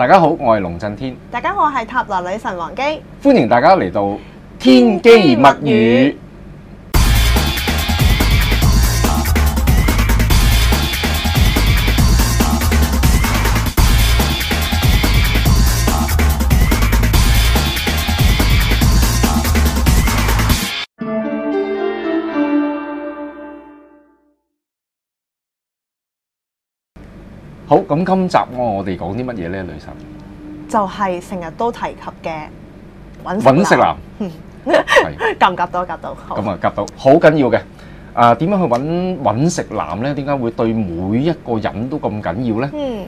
大家好，我係龍震天。大家好，我係塔羅女神黃姬。歡迎大家嚟到天姬密語。好咁，今集我我哋講啲乜嘢呢？女神就係成日都提及嘅揾揾食男，係夾唔夾到？夾到咁啊！夾到好緊要嘅啊！點樣去揾揾食男呢？點解會對每一個人都咁緊要呢？嗯，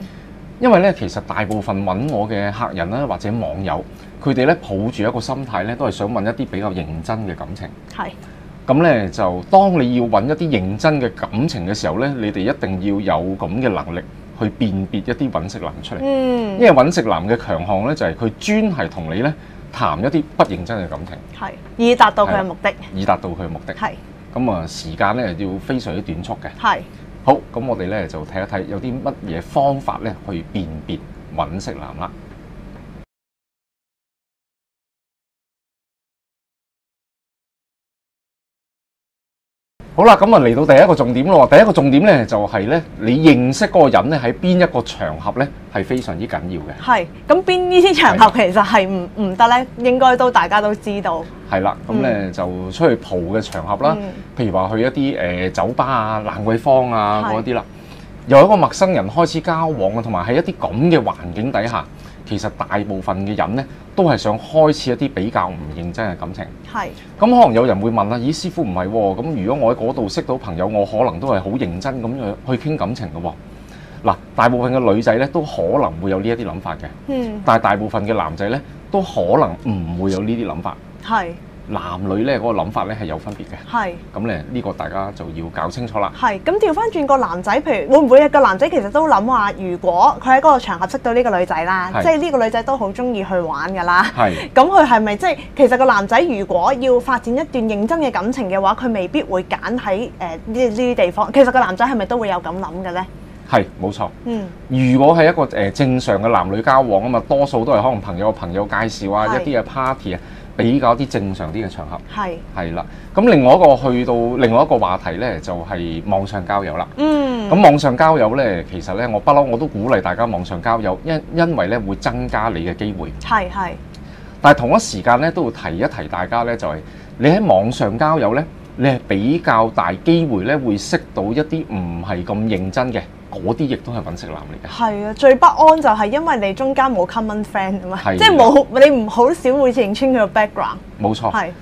因為呢，其實大部分揾我嘅客人啦，或者網友，佢哋呢抱住一個心態呢，都係想揾一啲比較認真嘅感情。係咁呢，就當你要揾一啲認真嘅感情嘅時候呢，你哋一定要有咁嘅能力。去辨別一啲搵食男出嚟，嗯、因為搵食男嘅強項呢，就係、是、佢專係同你呢談一啲不認真嘅感情，係以達到佢嘅目的，的，以達到佢嘅目的。係咁啊，時間呢要非常之短促嘅。係的好咁，我哋呢就睇一睇有啲乜嘢方法呢去辨別搵食男啦。好啦，咁就嚟到第一個重點咯。第一個重點咧，就係、是、咧，你認識嗰個人咧，喺邊一個場合咧，係非常之緊要嘅。係，咁邊呢啲場合其實係唔唔得咧，應該都大家都知道。係啦，咁咧、嗯、就出去蒲嘅場合啦，嗯、譬如話去一啲誒、呃、酒吧啊、蘭桂坊啊嗰啲啦，由一個陌生人開始交往啊，同埋喺一啲咁嘅環境底下。其實大部分嘅人呢，都係想開始一啲比較唔認真嘅感情。係。咁，嗯，可能有人會問啦，咦，師傅唔係喎？咁如果我喺嗰度識到朋友，我可能都係好認真咁樣去傾感情嘅喎。嗱，大部分嘅女仔呢，都可能會有呢一啲諗法嘅。嗯，但係大部分嘅男仔呢，都可能唔會有呢啲諗法。係。男女咧嗰個諗法咧係有分別嘅。係。咁咧呢個大家就要搞清楚啦。係。咁調翻轉個男仔，譬如會唔會啊？個男仔其實都諗，話如果佢喺嗰個場合識到呢個女仔啦，即係呢個女仔都好中意去玩噶啦。係咁，佢係咪即係其實個男仔如果要發展一段認真嘅感情嘅話，佢未必會揀喺誒呢呢啲地方。其實個男仔係咪都會有咁諗嘅咧？係冇錯，如果係一個誒、呃、正常嘅男女交往啊嘛，多數都係可能朋友朋友介紹啊，是一啲嘅 party 啊，比較啲正常啲嘅場合。係係啦，咁另外一個去到另外一個話題呢，就係、是、網上交友啦。嗯，咁網上交友呢，其實呢，我不嬲我都鼓勵大家網上交友，因因為呢會增加你嘅機會。係係，但係同一時間呢，都要提一提大家呢，就係、是、你喺網上交友呢。你係比較大機會咧，會識到一啲唔係咁認真嘅，嗰啲亦都係搵食男嚟嘅。係啊，最不安就係因為你中間冇 common friend 啊嘛，的即係冇你唔好少會認清佢個 background。冇錯，係的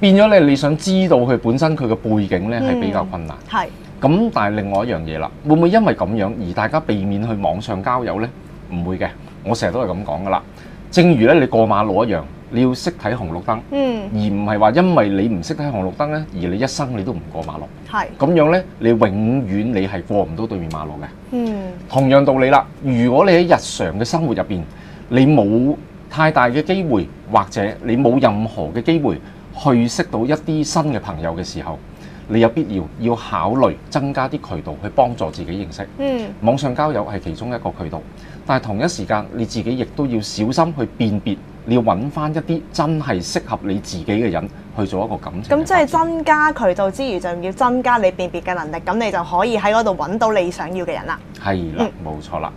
變咗你，你想知道佢本身佢嘅背景呢係比較困難。係咁、嗯，但係另外一樣嘢啦，會唔會因為咁樣而大家避免去網上交友呢？唔會嘅，我成日都係咁講噶啦。正如咧，你過馬路一樣。你要識睇紅綠燈，嗯，而唔係話因為你唔識睇紅綠燈呢，而你一生你都唔過馬路。係咁樣呢，你永遠你係過唔到對面馬路嘅。嗯，同樣道理啦。如果你喺日常嘅生活入邊，你冇太大嘅機會，或者你冇任何嘅機會去識到一啲新嘅朋友嘅時候。你有必要要考慮增加啲渠道去幫助自己認識。嗯，網上交友係其中一個渠道，但係同一時間你自己亦都要小心去辨別，你要揾翻一啲真係適合你自己嘅人去做一個感情。咁即係增加渠道之餘，就要增加你辨別嘅能力，咁你就可以喺嗰度揾到你想要嘅人啦。係啦，嗯，冇錯啦。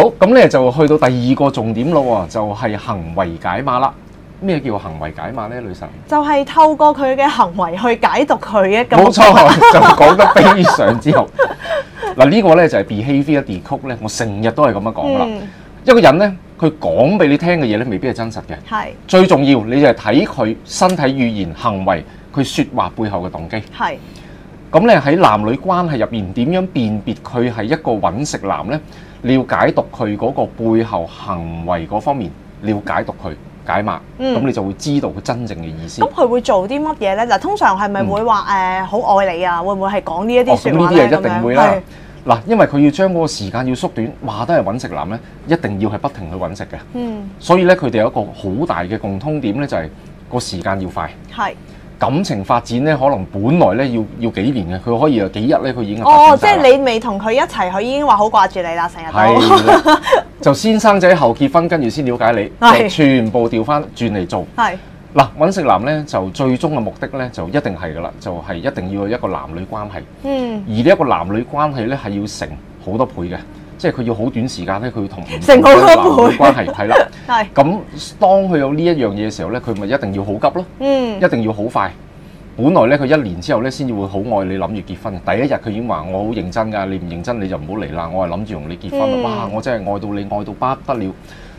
好咁咧，就去到第二個重點咯喎，就係行為解碼啦。咩叫行為解碼咧？女神就係透過佢嘅行為去解讀佢一嘅。冇錯， 就講得非常之好。嗱 呢個咧就係 behaviour decode 咧。我成日都係咁樣講啦。一個人咧，佢講俾你聽嘅嘢咧，未必係真實嘅。係是最重要，你就係睇佢身體語言、行為、佢説話背後嘅動機。係咁咧，喺男女關係入面點樣辨別佢係一個搵食男咧？你要解讀佢嗰個背後行為嗰方面，你要解讀佢解碼，咁、嗯、你就會知道佢真正嘅意思。咁佢會做啲乜嘢呢？嗱，通常係咪會話誒好愛你啊？會唔會係講呢一啲説話咧？呢啲嘢一定會啦。嗱是，因為佢要將嗰個時間要縮短，話都係揾食男呢，一定要係不停去揾食嘅。嗯，所以呢，佢哋有一個好大嘅共通點呢，就係個時間要快。係。感情發展咧，可能本來咧要要幾年嘅，佢可以有幾日咧，佢已經達成。哦，即係你未同佢一齊，佢已經話好掛住你啦，成日的 就先生仔後結婚，跟住先了解你，的全部調翻轉嚟做。係嗱的，揾食男咧，就最終嘅目的咧，就一定係噶啦，就係、是、一定要有一個男女關係。嗯，而呢一個男女關係咧係要成好多倍嘅。即係佢要好短時間咧，佢要同唔同嘅男女關係係啦。係咁喇，係，當佢有呢一樣嘢嘅時候咧，佢咪一定要好急咯。嗯，一定要好快。本來咧，佢一年之後咧先至會好愛你，諗住結婚。第一日佢已經話：我好認真㗎，你唔認真你就唔好嚟啦。我係諗住同你結婚。嗯、哇！我真係愛到你，愛到不得了。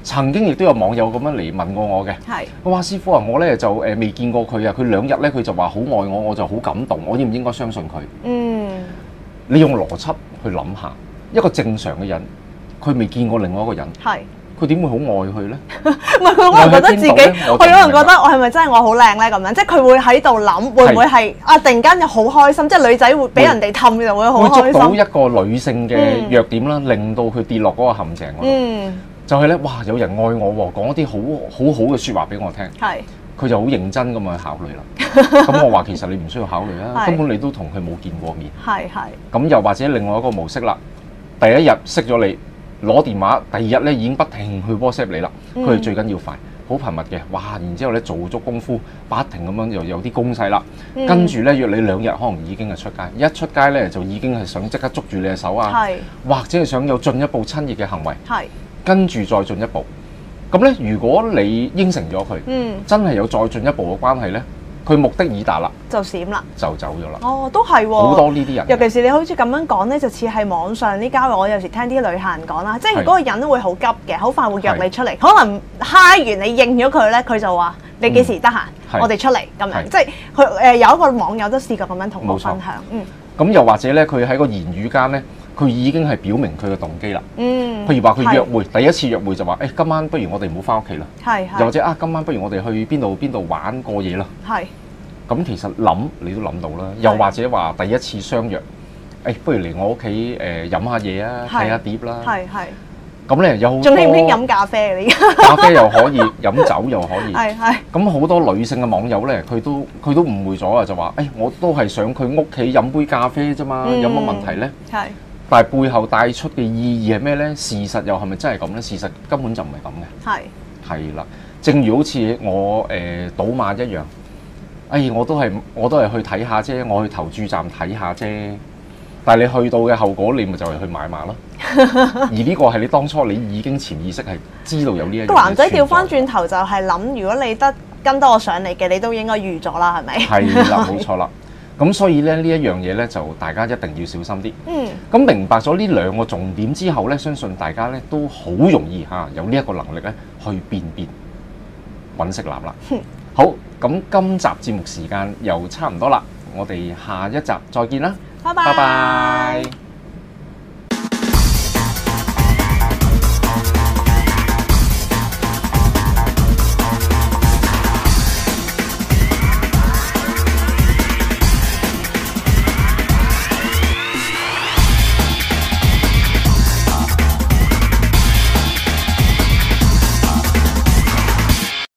曾經亦都有網友咁樣嚟問過我嘅。係佢話師傅啊，我咧就誒未、呃、見過佢啊。佢兩日咧佢就話好愛我，我就好感動。我應唔應該相信佢？嗯，你用邏輯去諗下。一個正常嘅人，佢未見過另外一個人，係佢點會好愛佢呢？唔係，我覺得自己，我有人覺得我係咪真係我好靚呢？咁樣？即係佢會喺度諗，會唔會係啊？突然間就好開心，即係女仔會俾人哋氹，就會好開心。會捉到一個女性嘅弱點啦，令到佢跌落嗰個陷阱。嗯，就係呢。哇！有人愛我，講一啲好好好嘅説話俾我聽，係佢就好認真咁去考慮啦。咁我話其實你唔需要考慮啦，根本你都同佢冇見過面，係，係，咁又或者另外一個模式啦。第一日識咗你攞電話，第二日咧已經不停去 WhatsApp 你啦。佢係最緊要快，好頻密嘅。哇！然之後咧做足功夫，不停咁樣又有啲攻勢啦。跟住咧約你兩日，可能已經係出街。一出街咧就已經係想即刻捉住你嘅手啊，是或者係想有進一步親熱嘅行為。是跟住再進一步咁咧，如果你應承咗佢，嗯、真係有再進一步嘅關係咧。佢目的已達啦，就閃啦，就走咗啦。哦，都係啊，好多呢啲人，尤其是你好似咁樣講咧，就似係網上啲交友。我有時聽啲女客人講啦，即係嗰個人都會好急嘅，好是快會約你出嚟。是可能嗨完你應咗佢咧，佢就話你幾時得閒，嗯、我哋出嚟咁是樣。是即係佢誒有一個網友都試過咁樣同我分享，錯嗯。咁又或者咧，佢喺個言語間咧。佢已經係表明佢嘅動機啦。嗯。譬如話佢約會，第一次約會就話：，誒，今晚不如我哋唔好返屋企啦。係係。又或者啊，今晚不如我哋去邊度邊度玩過夜啦。係。咁其實諗你都諗到啦。又或者話第一次相約，誒，不如嚟我屋企誒飲下嘢啊，睇下碟啦。係係。咁咧有好仲興唔興飲咖啡啊？而家。咖啡又可以，飲酒又可以。係係。咁好多女性嘅網友咧，佢都佢都誤會咗啊，就話：，誒，我都係想去佢屋企飲杯咖啡啫嘛，有乜問題咧？係。但係背後帶出嘅意義係咩呢？事實又係咪真係咁呢？事實根本就唔係咁嘅。係係啦，正如好似我誒、呃、賭馬一樣，哎，我都係我都係去睇下啫，我去投注站睇下啫。但係你去到嘅後果，你咪就係去買馬咯。 而呢個係你當初你已經潛意識係知道有呢一個嘅。個男仔調翻轉頭就係諗，如果你得跟多我上嚟嘅，你都應該預咗啦，係咪？係啦，冇錯啦。 咁所以咧，呢一樣嘢呢，就大家一定要小心啲。嗯。咁明白咗呢兩個重點之後呢，相信大家呢都好容易嚇有呢一個能力呢，去辨別搵食男啦。嗯、好，咁今集節目時間又差唔多啦，我哋下一集再見啦。拜拜 bye。Bye bye